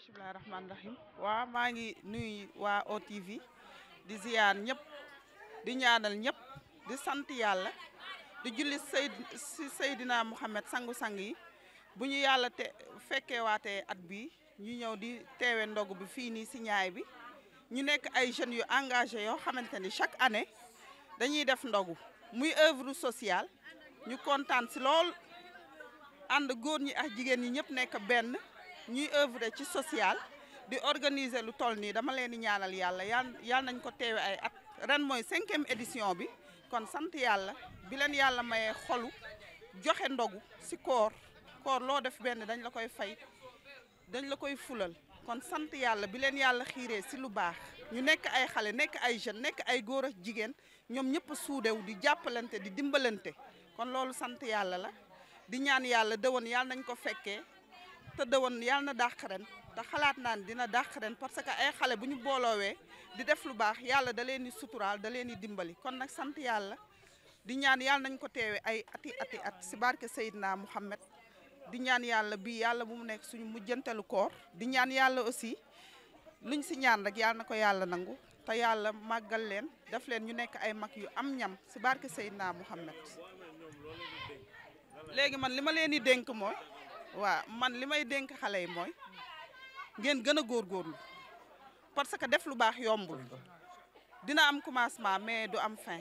bisimilah rahmaani maa ngi nuyu waa OTV di ziyaar ñëpp di ñaanal ñëpp di sant yàlla di julli sayd si Seydina Mouhamed sangu-sang yi bu ñu yàlla te fekkeewaatee at bi ñu ñëw di teewe ndogu bi fii nii si ñaay bi ñu nekk ay jeunes yu engagé yoo xamante ni chaque année dañuy def ndogu muy œuvre sociale ñu kontaan si lool ànd góor ñi ak jigéen ñi ñëpp nekk benn ñuy œuvre ci sociale di organiser lu toll nii dama leen di ñaanal yàlla yàlla nañ ko teewe ay at ren mooy cinquième édition bi kon sant yàlla bi leen yàlla mayee xolu joxe ndogu si koor koor loo def benn dañ la koy fay dañ la koy fulal kon sant yàlla bi leen yàlla xiiree si lu baax ñu nekk ay xale nekk ay jeunes nekk ay góor ak jigéen ñoom ñëpp suudew di jàppalante di dimbalante kon loolu sant yàlla la di ñaan yàlla dëwoon yàlla nañ ko fekkee tëdd woon yàlla na dàq ren te xalaat naan dina dàq ren parce que ay xale bu ñu booloowee di def lu baax yàlla da leen di suturaal da leen di dimbali kon nag sant yàlla di ñaan yàlla nañ ko teewee ay ati ati at si barke Seydina Mouhamed di ñaan yàlla bii yàlla bu mu nekk suñu mujjantelu koor di ñaan yàlla aussi luñ si ñaan rek yàlla na ko yàlla nangu te yàlla màggal leen def leen ñu nekk ay mag yu am ñam si barke Seydina Mouhamed léegi man li ma leen di dénk mooy waa man li may dénk xale yi mooy ngeen gën a góorgóorlu parce que def lu baax yombul dina am commencement mais du am fin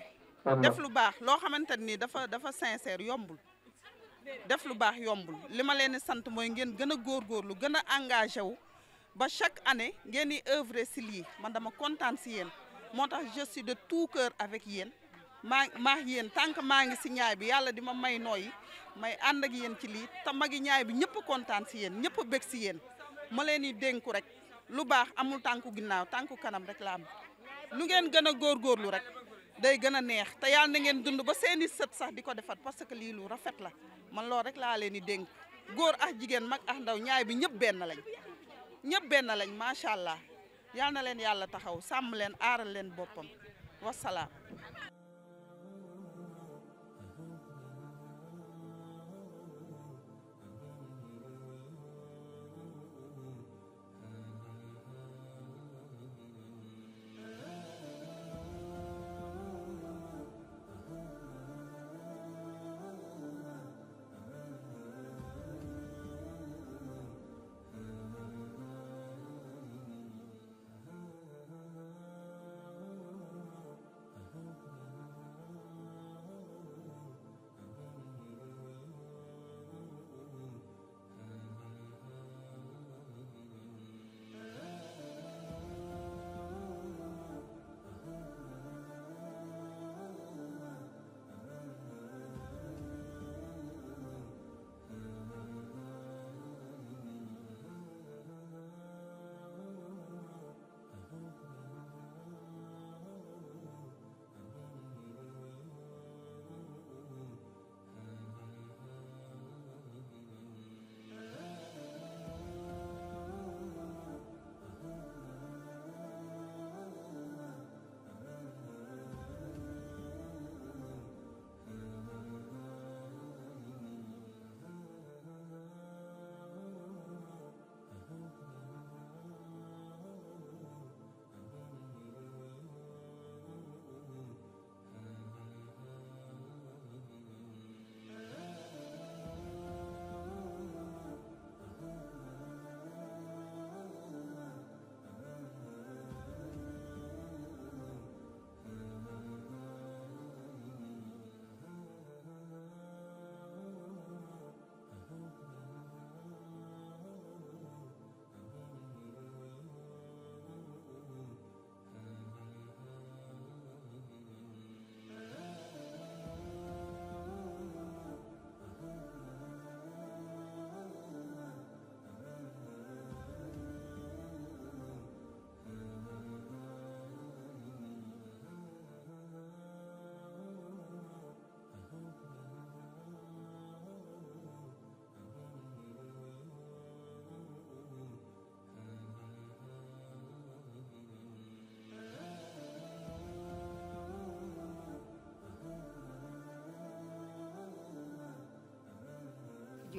def lu baax loo xamante nii dafa dafa sincère yombul def lu baax yombul li ma leen sant mooy ngeen gën a góorgóorlu gën a engagé wu ba chaque année ngeen di euvre si lii man dama kontaan si yéen moo tax je de tout cœur avec yéen maa maa yéen tànk maa ngi si ñaay bi yàlla di ma may nooy may ànd ak yéen ci lii te magi ñaay bi ñëpp kontaan si yéen ñëpp bég si yéen ma leen di dénku rek lu baax amul tànku ginnaaw tànku kanam rek la am lu ngeen gën a góorgóorlu rek day gën a neex te yàlla na ngeen dund ba seeni sët sax di ko defat parce que lii lu rafet la man loolu rek laa leen di dénk góor ak jigéen mag ak ndaw ñaay bi ñëpp benn lañ ñëpp benn lañ macha allah yal na leen yàlla taxaw sàmm leen aaral leen boppam wasalaam.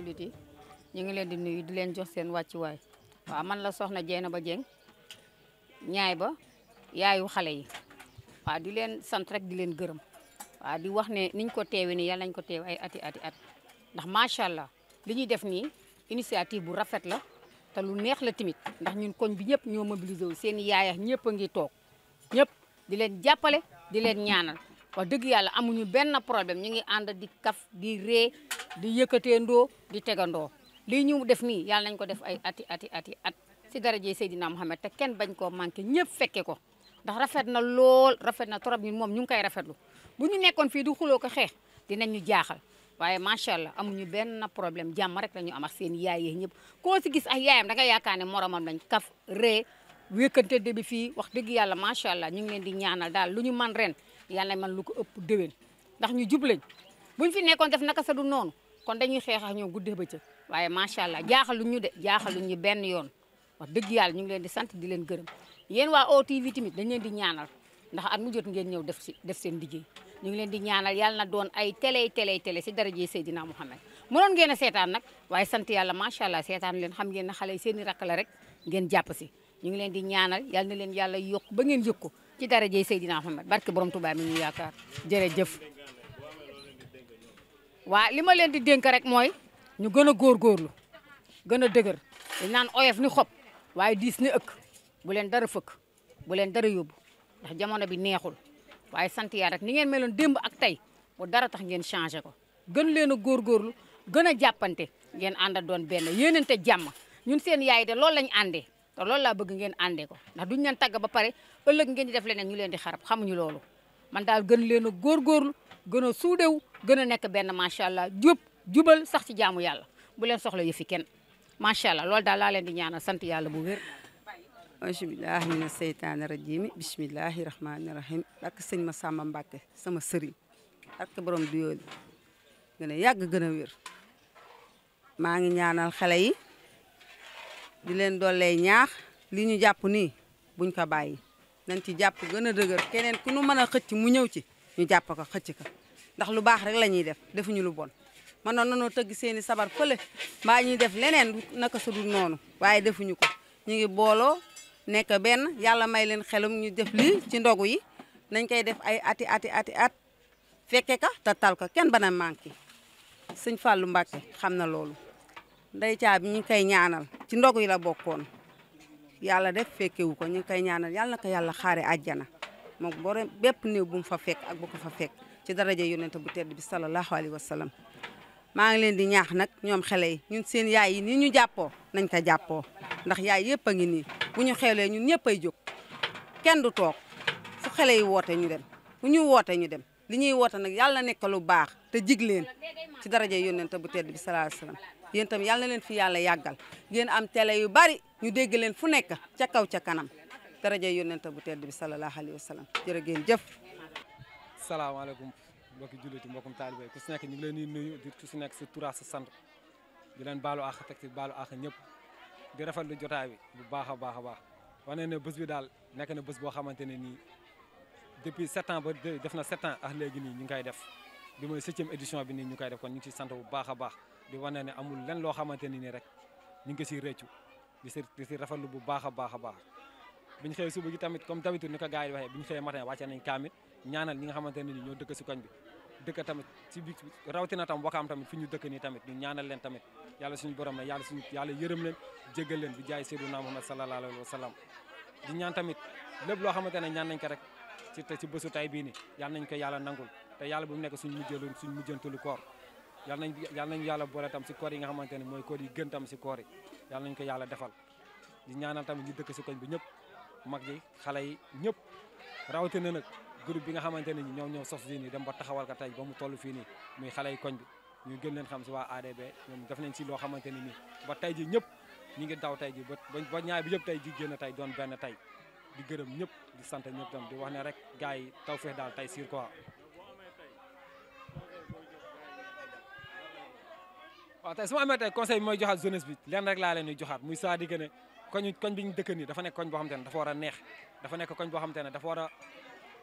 jullit yi ñu ngi leen di nuyu di leen jox seen wàccuwaay waaw man la soxna Jeena ba jeng ñaay ba yaayu xale yi waaw di leen sant rek di leen gërëm waaw di wax ne niñ ko teewee ni yàlla nañ ko teew ay ati ati at ndax macha allah li ñuy def nii initiative bu rafet la te lu neex la timit ndax ñun koñ bi ñëpp ñoo mobilisé wu seen yaaya ñëpp a ngi toog ñëpp di leen jàppale di leen ñaanal wax dëgg yàlla amuñu benn problème ñu ngi ànd di kaf di ree di yëkkatee ndoo di tegandoo lii ñu def nii yàlla nañ ko def ay ati ati ati at si daraje Seydina Mohamed te kenn bañ koo manqué ñëpp fekke ko ndax rafet na lool rafet na trop ñun moom ñu ngi koy rafetlu bu ñu nekkoon fii di xuloo ko xeex dinañ ñu jaaxal waaye macha allah amuñu benn problème jàmm rek la ñu am seen yaay yi ñëpp koo si gis ay yaayam da nga yaakaar ne moromam lañ kaf ree wékkante de bi fii wax dëgg yàlla macha allah ñu ngi leen di ñaanal daal lu ñu man ren yàlla man lu ko ëpp déwén ndax ñu jublañ buñ fi nekkoon def naka sa du noonu kon dañuy xeex ak ñoom guddee ba ca waaye macha allah jaaxaluñ ñu de jaaxaluñ ñu benn yoon wax dëgg yàlla ñu ngi leen di sant di leen gërëm yéen waa OTV dañ leen di ñaanal ndax at mu jot ngeen ñëw def si def seen liggéey ñu ngi leen di ñaanal yàlla na doon ay télé télé télé si daraje Seydina Mouhamed mënoon ngeen a seetaan nag waaye sant yàlla macha allah seetaan leen xam ngeen ne xale yi seen i rakk la rek ngeen jàpp si ñu ngi leen di ñaanal yàlla na leen yàlla yokk ba ngeen yëg ko ci daraje Seydina Mouhamed barke borom Tuubaa mi ñu yaakaar jërëjëf waaw li ma leen di dénk rek mooy ñu gën a góorgóorlu gën a dëgër dañ naan oyof ni xob waaye diis ni ëkk bu leen dara fëkk bu leen dara yóbbu ndax jamono bi neexul waaye sant yaa rek ni ngeen meloon démb ak tey bu dara tax ngeen changé ko gën leen a góorgóorlu gën a jàppante ngeen ànda doon benn yéenante jàmm ñun seen yaay de loolu lañ àndee te loolu laa bëgg ngeen àndee ko ndax duñ leen tagg ba pare ëllëg ngeen di def leneen ñu leen di xarab xamuñu loolu man daal gën leen gëna a suudew nek ben nekk benn allah jub jubal sax ci jaamu yalla bu len soxla yëfi kenn macha allah loolu daal laa leen di ñaanal sant yalla bu wër bismillah minas mina rajim bismillahir rahmanir rahim ak señ ma sama Mbàkke sama sëriñ ak borom du yool gëna yag gëna wër ma ngi ñaanal xalé yi di len dolé ñaax li ñu japp ni buñ ko bayyi nanti japp gëna deugër keneen ku nu mëna xëc mu ñëw ci ñu japp ko xëc ko ndax lu baax rek la ñuy def defuñu lu bon man noon nanoo tëgg seen i sabar fële mbaa ñuy def leneen naka su dul noonu waaye defuñu ko ñu ngi booloo nekk benn yàlla may leen xelum ñu def lii ci ndogu yi nañ koy def ay ati ati ati at fekke ka te tal ko kenn bana manqué sëñ Fallou Mbacké xam na loolu ndey caabi ñu ngi koy ñaanal ci ndogu yi la bokkoon yàlla def fekkewu ko ñu ngi koy ñaanal yàlla na ko yàlla xaare àjjana moom borom bépp néew bu fa fekk ak bu fa fekk ci daraja yonent bu tedd bi sallallahu alayhi wa sallam maa ngi leen di ñaax nag ñoom xele yi ñun seen yaay yi nii ñu jàppoo nañ ko jàppoo ndax yaay yëpp a ngi nii bu ñu xewlee ñun ñëpp ay jóg kenn du toog fu xale yi woote ñu dem fu ñu woote ñu dem li ñuy woote nag yàlla nekk lu baax te jig leen ci daraja yonent bu tedd bi sallallahu alayhi wa yàlla leen fi yàlla yàggal ngeen am yu bari ñu dégg leen fu nekk ca kaw ca kanam daraja yonent bu tedd bi sallallahu alayhi wa sallam jërë ngeen jëf salaamaaleykum mbokki julliti mbokkum taalibe ku si nekk ñu ngi si nekk sa tur sant di leen baalu àq teg ci baalu àq ñëpp di rafetlu jotaay bi bu baax a baax a baax wax ne bés bi daal nekk na bés boo xamante ne nii depuis sept ba def na sept ans ak léegi nii ñu ngi koy def bi mooy édition bi nii ñu koy def kon ñu ngi sant bu baax a baax di wax ne amul lenn loo xamante ni nii rek ñu ngi ko siy rëccu di si di baax a baax a baax biñ xëyee suba gi tamit kaamit ñaanal ñi nga xamante ne ni ñoo dëkk si koñ bi dëkk tamit si bi rawatina tam wakaam tamit fi ñu dëkk nii tamit ñu ñaanal leen tamit yàlla suñu borom la yàlla suñu yàlla yërëm leen jéggal leen bi jaay Seydina Muhammad sallallahu alayhi wa sallam di ñaan tamit lépp loo xamante ne ñaan nañ ko rek ci te ci bésu tay bii ni yàlla nañ ko yàlla nangul te yàlla mu nekk suñu mujjëlu suñu mujjantalu koor yàlla nañ yàlla nañ yàlla boole tam si koor yi nga xamante ne mooy koor yi gën tam si koor yi yàlla nañ ko yàlla defal di ñaanal tamit ñu dëkk si koñ bi ñëpp mag yi xale yi ñëpp rawatina nag groupe bi nga xamante ni ñoom ñoo sos lii nii dem ba taxawal ka tey ba mu toll fi nii muy xale yi koñ bi ñu gën leen xam si waa ADB ñoom def nañ si loo xamante ni nii ba tey ji ñëpp ñu ngi daw tey ji ba ba ñaay bi yëpp tey ji génn tey doon benn tey di gërëm ñëpp di sant ñëpp tam wax ne rek gars yi taw feex daal tey sur quoi waaw tey su ma amee tey conseil bi mooy joxaat jeunesse bi leen rek laa leen di joxaat muy saa gën a koñ koñ bi ñu dëkk nii dafa nekk koñ boo xamante ne dafa war a neex dafa nekk koñ boo xamante ne dafa war a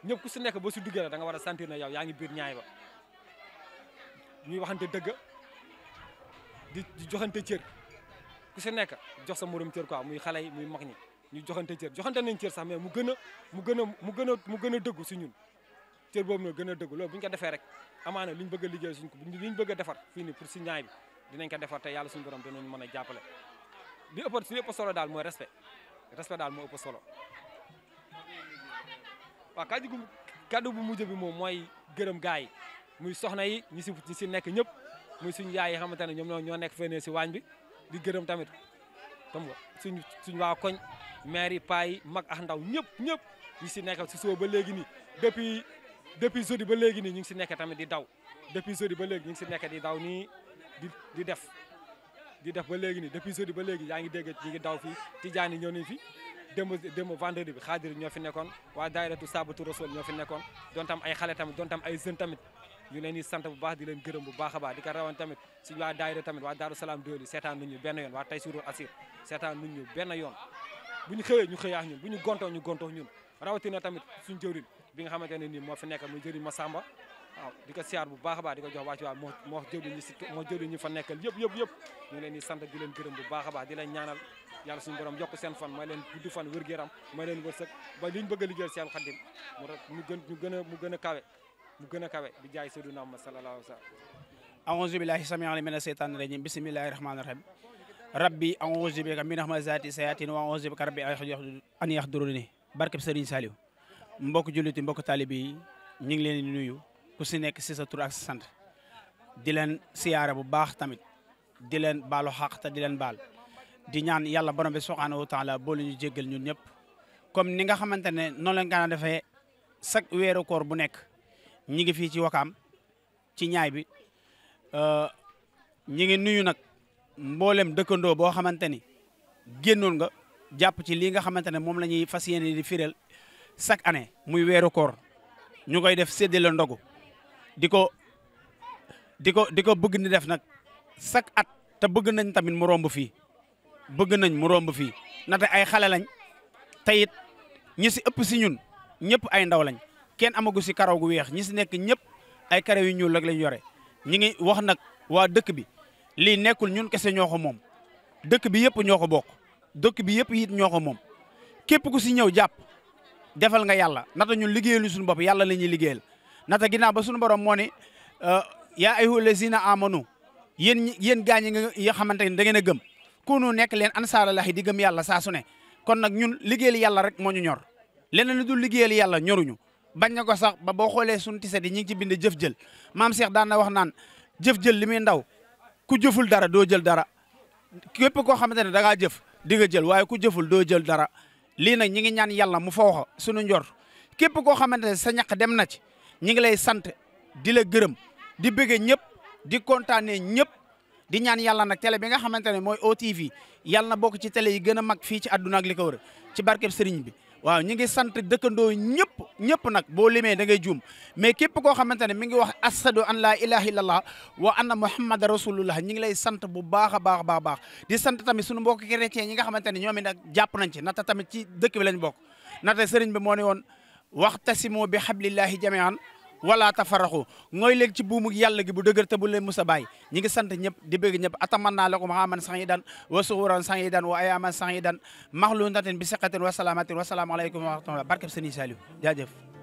ñëpp ku si nekk boo si duggee rek da war a sentir ne yow yaa ngi biir ñaay ba ñuy waxante dëgg di joxante cër ku si nekk jox sa morom cër quoi muy xale yi muy mag ñi ñu joxante cër joxante nañ cër sax mais mu gën a mu gën a mu gën mu gën a dëggu si ñun cër boobu nag gën a dëggu loolu bu ñu ko defee rek amaana liñ bëgg a liggéey suñ ko liñ bëgg a defar fii nii pour si ñaay bi dinañ ko defar te yàlla suñu borom dinañ mën a jàppale li ëpp li ëpp solo daal mooy respect respect daal moo ëpp solo waaw kaddu gu kaddu bu mujj bi moom mooy gërëm gars yi muy soxna yi ñi si ñi si nekk ñëpp muy suñu yaay yi xamante ne ñoom ñoo nekk feneen si waañ bi di gërëm tamit xam nga suñu suñu waa koñ maire yi paa yi mag ak ndaw ñëpp ñëpp ñi si nekk si soo ba léegi nii depuis depuis jeudi ba léegi nii ñu ngi si nekk tamit di daw depuis jeudi ba léegi ñu ngi si nekk di daw nii di di def di def ba léegi nii depuis jeudi ba léegi yaa ngi dégg ñu ngi daw fii Tidiane ñëw nañ fi démb démb vendredi bi xaadir ñoo fi nekkoon waa daayiratu saabatu rasul ñoo fi nekkoon doon ay xale tamit doon ay jeunes tamit ñu leen di sant bu baax di leen gërëm bu baax a baax di ko rawan tamit si waa daayira tamit yoon waa ñu benn ñu xëyee ñu xëyaax ñun bu ñu gontoo ñu gontoo tamit suñ jëwrin bi nga xamante ne nii moo fi nekk muy jëriñ Masamba waaw di ko siyaar bu baax a baax di ko jox waa waa moo moo moo jëwriñ ñi fa nekkal yëpp yëpp yëpp ñu leen di sant di leen gërëm baax a baax di leen ñaanal yàlla suñu borom yokk sen fan may len guddu fan wér gu yaram may leen wërsëg ba liñ bëgg liggéey liggéeyal seen xaddim mu ñu gën ñu gëna mu gëna kawe mu gëna kawe bi jaay Seydina Muhammad sallallahu alayhi wasallam a'udhu billahi samii'il min ash-shaytan rajim bismillahir rahmanir rahim rabbi a'udhu bika min hamazaati sayatin wa a'udhu bika rabbi an yahduruni barkeb Sëriñ Saliou mbokk julliti mbokk taalibe yi ñu ngi leen di nuyu ku si nekk si sa tur ak sa sant di leen siyaare bu baax tamit di leen baalu xaq te di leen baal di ñaan yalla borom bi subhanahu wa taala bo luñu jéggel ñun ñëpp comme ni nga xamantene non lañ kaan defee sak weeru koor bu nekk ñi ngi fi ci wakam ci ñaay bi euh, ñi ngi nuyu nak mbollem dëkkandoo bo xamante gennul nga japp ci li nga xamante mom lañuy fasiyene di firel sak ane muy weeru koor ñu koy def séddale ndogu diko diko diko bëgg ni def nak sak at te bëgg nañ tamit mu romb fi bëgg nañ mu romb fii nate ay xale lañ tayit ñi si ëpp si ñun ñëpp ay ndaw lañ kenn amagu si karaw gu weex ñi si nekk ñëpp ay karaw yu ñuul rek lañ yore ñi ngi wax nag waa dëkk bi lii nekkul ñun kese ñoo ko moom dëkk bi yëpp ñoo ko bokk dëkk bi yëpp yit ñoo ko moom képp ku si ñëw jàpp defal nga yàlla nata ñun liggéeyalu suñu bopp yàlla la ñuy liggéeyal nata ginnaaw ba suñu borom moo ne euh, yaa ayyuhallazina amanu yéen yéen gaañ yi nga xamante ne da a gëm kunu nekk leen ansaarallahi di gëm yàlla saa su kon nag ñun liggéeyal yàlla rek moo ñu ñor leneen lu dul liggéeyal yàlla ñoruñu bañ na ko sax ba boo xoolee suñu tise di ñi ngi ci bind jëf jël maam seex daan na wax naan jëf jël li muy ndaw ku jëful dara doo jël dara képp koo xamante ne da ngaa jëf di jël waaye ku jëful doo jël dara lii nag ñi ngi ñaan yàlla mu fawxa sunu njor képp koo xamante ne sa ñaq dem na ci ñi ngi lay sant di la gërëm di bëgge ñëpp di kontaane ñëpp di ñaan yàlla nag télé bi nga xamante ne mooy OTV yàlla bokk ci télé yi gën a mag fii ci àdduna ak li ko wër ci barkeb sëriñ bi waaw ñu ngi sant dëkkandoo ñëpp ñëpp nag boo limee da ngay juum mais képp koo xamante ne mi ngi wax asadu an laa ilaha illallah wa anna muhammad rasulullah ñi ngi lay sant bu baax a baax baax baax di sant tamit suñu mbokk chrétien ñi nga xamante ne ñoom it nag jàpp nañ ci nata tamit ci dëkk bi lañ bokk nata sëriñ bi moo ne woon waxtasimu bi hablillahi jamian wala tafaraxu ngooy léegi ci buumu yàlla gi bu dëgër te bu leen musa bàyyi ñi ngi sant ñëpp di bëgg ñëpp ataman naa lakum xaaman sax yi daan wa suxuran sax yi daan wa ayaaman sax yi daan maxluun taten bi seqaten wa salaamatin wa salaamu aleykum wa rahmatullah barkeb sëriñ Saliou jaajëf